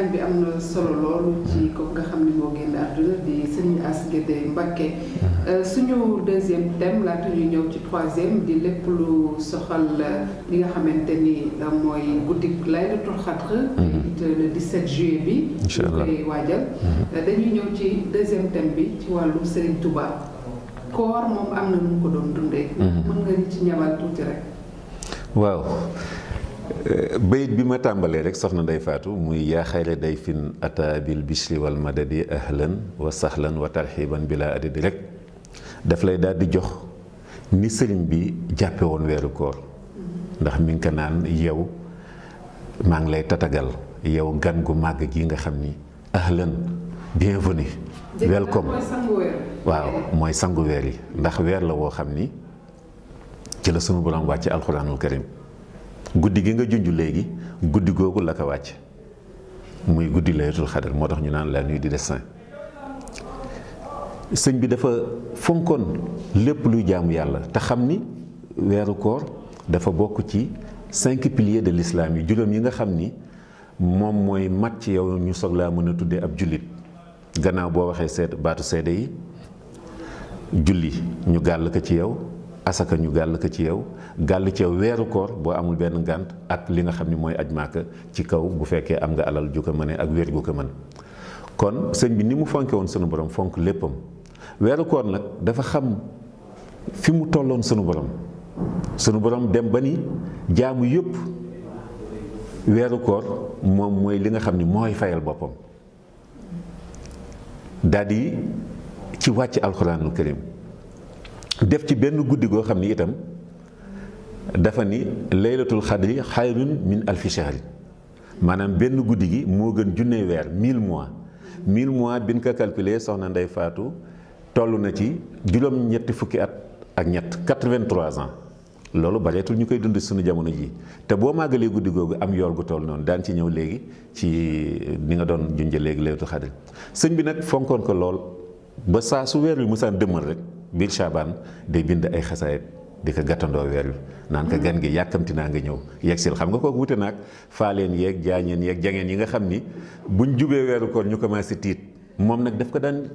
laaj bi am na solo loolu ci kooku nga xam ni moo génn àdduna di Serigne Ass Guédé mhm. euh, suñu deuxième thème laata ñu ñëw ci troisième di lépp lu soxal euh, li nga xamante ni euh, mooy guddi laylatul xadr mhm. le 17 bi incha allah koy mhm. dañuy ñëw ci deuxième thème bi ci wàllu Serigne Touba koor moom am na nu ko doon dundee mën nga ci ñabal tuuti rek waaw bayit bi ma tàmbalee rek soxna Ndeye faatu muy yaa xayra day fin ata bil bishri wal madadi ahlan wa sahlan wa tarxiban bila adadi rek daf lay daal di jox ni sëriñ bi jàppe weeru koor ndax mi ngi ko naan yow maa ngi lay tatagal yow gan gu màgg gi nga xam ni ahlan bienvenue welcome waaw mooy sangu weer yi ndax weer la woo xam ni ci la sunu borom wàcc alxuraanul karim guddi gi nga junj léegi guddi googu la ko wàcc muy guddi laylatul xadar moo tax ñu naan la nuit di destin sëñ bi dafa fonkoon lépp luy jaamu yàlla te xam ni weeru koor dafa bokk ci cinq de lislaam yi juróom yi nga xam ni moom mooy mat ci yow ñu soog laa mën a tuddee ab jullit gannaaw boo waxee seet baatu seede yi julli ñu gàll ko ci yow asaka ñu gàll ko ci yow gàll ci weeru koor boo amul benn gànt ak li nga xam ni mooy aj maaka ci kaw bu fekkee am nga alal ju ko ak wér gu ko mën kon sëñ bi ni mu fonke woon sunu borom fonk léppam weeru koor nag dafa xam fi mu tolloon sunu borom sunu borom dem ba ni jaamu yëpp weeru koor moom mooy li nga xam ni mooy fayal boppam daldi di ci wàcc alxuraanul karim def ci benn guddi goo xam ni itam dafa ni laylatul xadri xayrun min alfi shahrin maanaam benn guddi gi moo gën junne weer mill mois 1000 mois bi ko calculer soxna Ndey Faatu toll na ci juróom-ñetti fukki at ak ñett 83 ans loolu bareetul ñu koy dund suñu jamono ji te boo màggalee guddi googu am yoor gu toll noonu daan ci ñëw léegi ci ni nga doon junjee léegi laylatul xadri sëñ bi nag fonkoon ko lool ba saa su weer wi musaan dëmmal rek. biir Chaban day bind ay xasaayit di ko gàttandoo weer bi naan ko mm. gan gi yàkkamti naa nga ñëw yegsil xam nga kooku wute naag faaleen yeeg jaañeen yeeg jangeen yi nga xam ni buñ jubee weeru koor ñu commencé tiit moom nag daf ko daan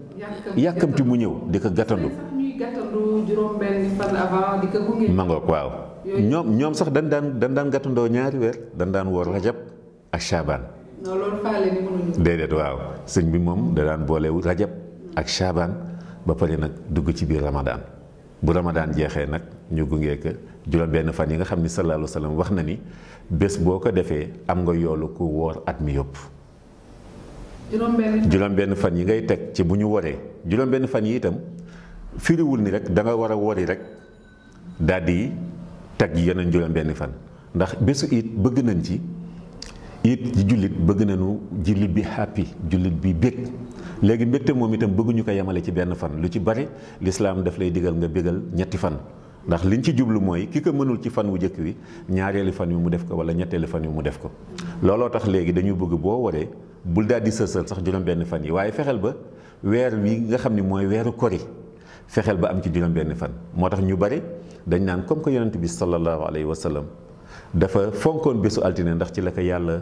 yàkkamti mu ñëw di ko gàttandu mangoog waaw ñoom ñoom sax dañ daan dañ daan gàttandoo ñaari weer dañ daan woor rajab ak Chaban déedéet waaw sëñ bi moom da daan boole rajab ak Chaban ba pare nag dugg ci biir Ramadan bu Ramadan jeexee nag ñu gungee ko juróom-benn fan yi nga xam ni sallallahu alayhi wax na ni bés boo ko defee am nga yoolu ku woor at mi yëpp. juróom-benn fan yi ngay teg ci bu ñu waree juróom-benn fan yi itam firiwul ni rek danga nga war a wori rek daldi di teg yeneen juróom-benn fan ndax bésu it bëgg nañ ci. it jullit bëgg nañu jullit bi happy jullit bi bég léegi mbégte moom itam bëgguñu ko yemale ci benn fan lu ci bari lislaam daf lay digal nga bégal ñetti fan ndax liñ ci jublu mooy ki ko mënul ci fan wu njëkk wi ñaareelu fan wi mu def ko wala ñetteelu fan wi mu def ko looloo tax léegi dañu bëgg boo waree bul daal di sësal sax juróom benn fan yi waaye fexeel ba weer wi nga xam ni mooy weeru kori fexeel ba am ci juróom benn fan moo tax ñu bari dañ naan comme que yonent bi sallallahu alayhi wa sallam dafa fonkoon bésu altine ndax ci la ko yàlla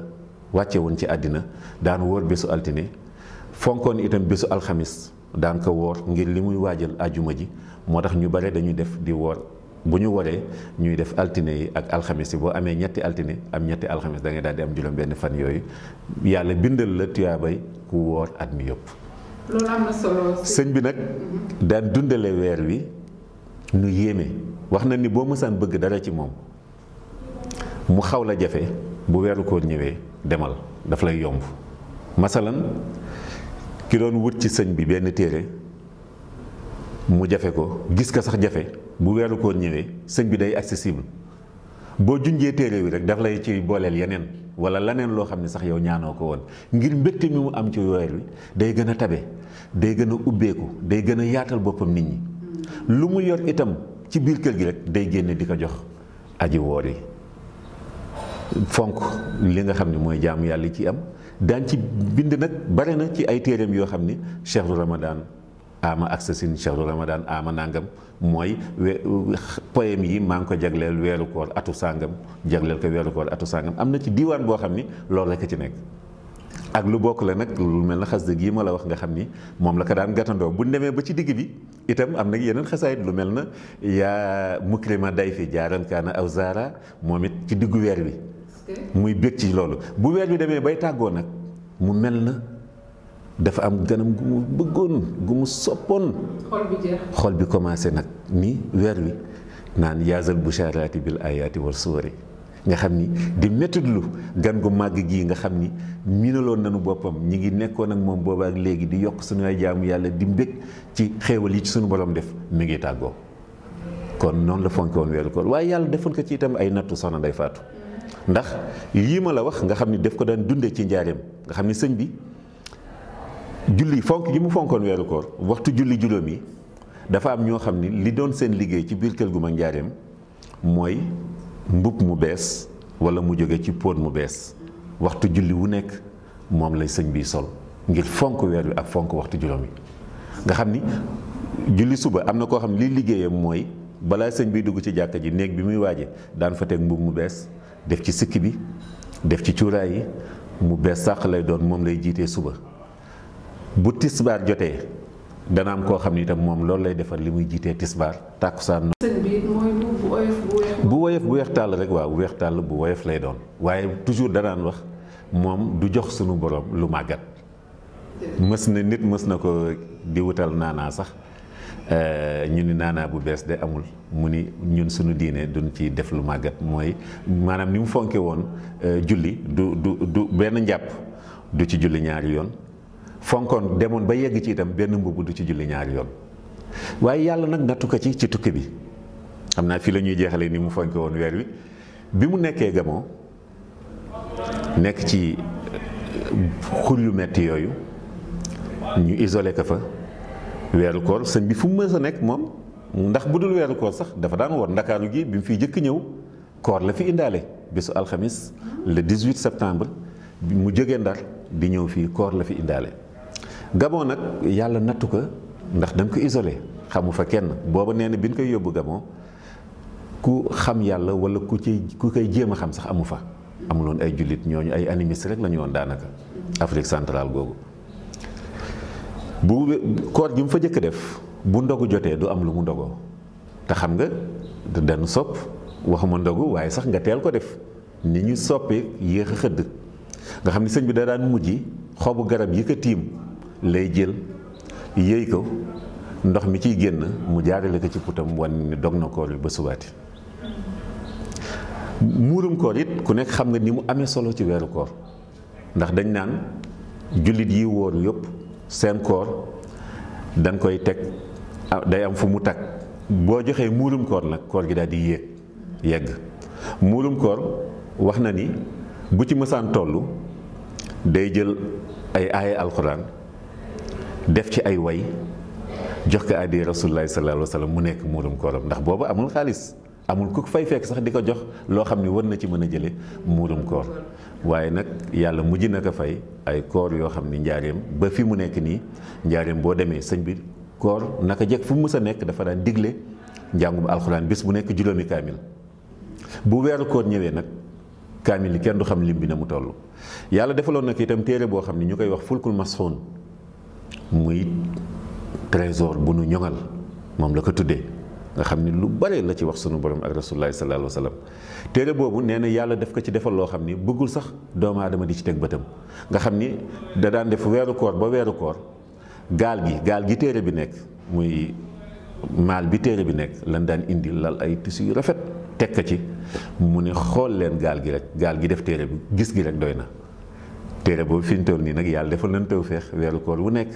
wàcce woon ci àddina daan woor bésu altine fonkoon itam bésu alxamis daan ko woor ngir li muy waajal ajuma ji moo tax ñu bare dañuy def di woor bu ñu waree ñuy def altine yi ak alxamis yi boo amee ñetti altine am ñetti alxamis da ngay daal di am juróom benn fan yooyu yàlla bindal la tuyaabay ku woor at mi yëpp. sëñ bi nag daan dundale weer wi nu yéeme wax na ni boo mësaan bëgg dara ci moom. mu xaw la jafe bu weeru koo ñëwee demal daf lay yomb masalan ki doon wut ci sëñ bi benn téere mu jafe ko gis ko sax jafe bu weeru koor ñëwee sëñ bi day accessible boo junjee téere wi rek daf lay ci booleel yeneen wala leneen loo xam ne sax yow ñaanoo ko woon ngir mbëtt mi mu am ci weer wi day gën a tabe day gën a ubbeeku day gën a yaatal boppam nit ñi lu mu yor itam ci biir kër gi rek day génne di ko jox aji woor yi fonk li nga xam ne mooy jaamu yàlla ci am daan ci bind nag bare na ci ay téereem yoo xam ni chehru ramadan ama aksasin chehru ramadan ama nangam mooy poème yi maa ngi ko jagleel weeru koor atu sàngam jagleel ko weeru koor atu sàngam am na ci diiwaan boo xam ni loolu rekk ci nekk ak lu bokk la nag lu mel na xasida gii ma la wax nga xam ni moom la ko daan gàttandoo bu demee ba ci digg bi itam am nag yeneen xasaayit lu mel na yaa mukrima day fi jaaran kaana aw zaara moom it ci diggu weer bi muy bég ci loolu bu weer bi demee bay tàggoo nag mu mel na dafa am ganam gu mu bëggoon gu mu soppoon xol bi commencé nag ni weer wi naan yaasal busharaati bil ayaati wal suwari nga xam ni di méttit gan gu màgg gii nga xam ni miinaloon nañu boppam ñi ngi nekkoon ak moom booba ak léegi di yokk suñu ay jaamu yàlla di mbég ci xéewal yi ci suñu borom def mi ngi tàggoo kon noonu la fonkoon weeru koor waaye yàlla defoon ko ci itam ay nattu soxna nday faatu ndax yii ma la wax nga xam ni def ko daan dundee ci njaareem nga xam ni sëñ bi julli fonk gi mu fonkoon weeru koor waxtu julli juróom yi dafa am ñoo xam ni li doon seen liggéey ci biir kër gu mag njaareem mooy mbubb mu bees wala mu jóge ci póot mu bees waxtu julli wu nekk moom lay sëñ bi sol ngir fonk weer wi ak fonk waxtu juróom yi nga xam ni julli suba am na koo xam li liggéeyam mooy balaa sëñ bi dugg ci jàkka ji néeg bi muy waaje daan fa teg mbub mu bees def ci sikki bi def ci cuuraay yi mu bees sàq lay doon moom lay jiitee suba bu tisbaar jotee dana am koo xam ni itam moom loolu lay defar li muy jiite tisbaar tàkkusaan noonu sëñ bi bu woyof weex tàll rek waaw weex tàll bu woyof lay doon waaye toujours danaan wax moom du jox sunu borom lu màggat mës na nit mës na ko di wutal naanaa sax Euh, ñu ni naanaa bu bees de amul mu ni ñun suñu diine duñ ci def lu màggat mooy maanaam ni mu fonke woon euh, julli du du du benn njàpp du ci julli ñaari yoon fonkoon demoon ba yegg ci itam benn mbubb du ci julli ñaari yoon waaye yàlla nag nattu ko ci ci tukki bi xam naa fii lañuy jeexalee ni mu fonke woon weer wi bi mu nekkee gamoo nekk ci xur yu metti yooyu ñu isolé ko fa weeru koor sëñ bi fu mu mës a nekk moom ndax bu dul weeru koor sax dafa daan war ndakaaru gi bi mu fiy jëkk ñëw koor la fi indaale bésu alxamis le 18 septembre mu jógee ndar bi ñëw fii koor la fi indaale gabon nag yàlla nattu ko ndax dañ ko isolé xamu fa kenn booba nee na bi ñu koy yóbbu gabon ku xam yàlla wala ku ci ku koy jéem a xam sax amu fa amuloon ay jullit ñooñu ay animiste rek la ñu woon daanaka Afrique centrale googu bu koor gi mu fa jëkk def bu ndogu jotee du am lu mu ndogoo te xam nga dañu sopp waxuma ndogu waaye sax nga teel ko def ni ñuy soppee yéex a xëdd nga xam ni sëñ bi da daan mujj xobu garab yi ko tiim lay jël yëy ko ndox mi ciy génn mu jaarale ko ci putam wan ni dog na koor bi ba subaati muurum koor it ku nekk xam nga ni mu amee solo ci weeru koor ndax dañ naan jullit yi wóor yëpp seen koor dañ koy teg ah, day am fu mu tag boo joxee muurum koor nag koor gi daal di yéeg yegg muurum koor wax na ni bu ci mësaan tollu day jël ay aaya alxuraan def ci ay way jox ko addi rasulullahi sallallahu alayhi mu nekk muurum kooram ndax boobu amul xaalis amul ku fay fekk sax di ko jox loo xam ni war na ci mën a jële muurum koor waaye nag yàlla mujj na ko fay ay koor yoo xam ni njaareem ba fi mu nekk nii njaareem boo demee sëñ bi koor naka jekk fu mu mës a nekk dafa daan digle njàngum alxuraan bis bu nekk juróomi kaamil bu weeru koor ñëwee nag kaamil yi kenn du xam lim bi na mu toll yàlla defaloon nag itam téere boo xam ni ñu koy wax fulkul masxoon muy trésor bu nu ñoŋal moom la ko tuddee nga xam ni lu bare la ci wax sunu borom ak rasulullahi sallallahu alayhi wa sallam téere boobu nee na yàlla def ko ci defal loo xam ni bëggul sax doomu aadama di ci teg bëtam nga xam ni da daan def weeru koor ba weeru koor gaal gi gaal gi téere bi nekk muy maal bi téere bi nekk lan daan indi lal ay tissu yu rafet teg ko ci mu ne xool leen gaal gi rek gaal gi def téere bi gis gi rek doy na téere boobu fi ñu nii nag yàlla defal nañ tawfeex weeru koor wu nekk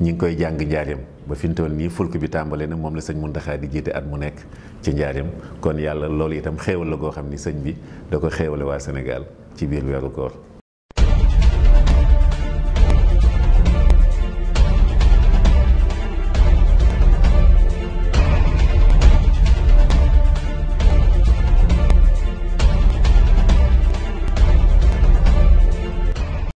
ñi ngi koy jàng njaareem ba fi ñu nii fulk bi tàmbale na moom la sëñ Muntaxa di jiite at mu nekk ci njaareem kon yàlla loolu itam xéewal la goo xam ni sëñ bi da ko xéewale waa Sénégal ci biir weeru koor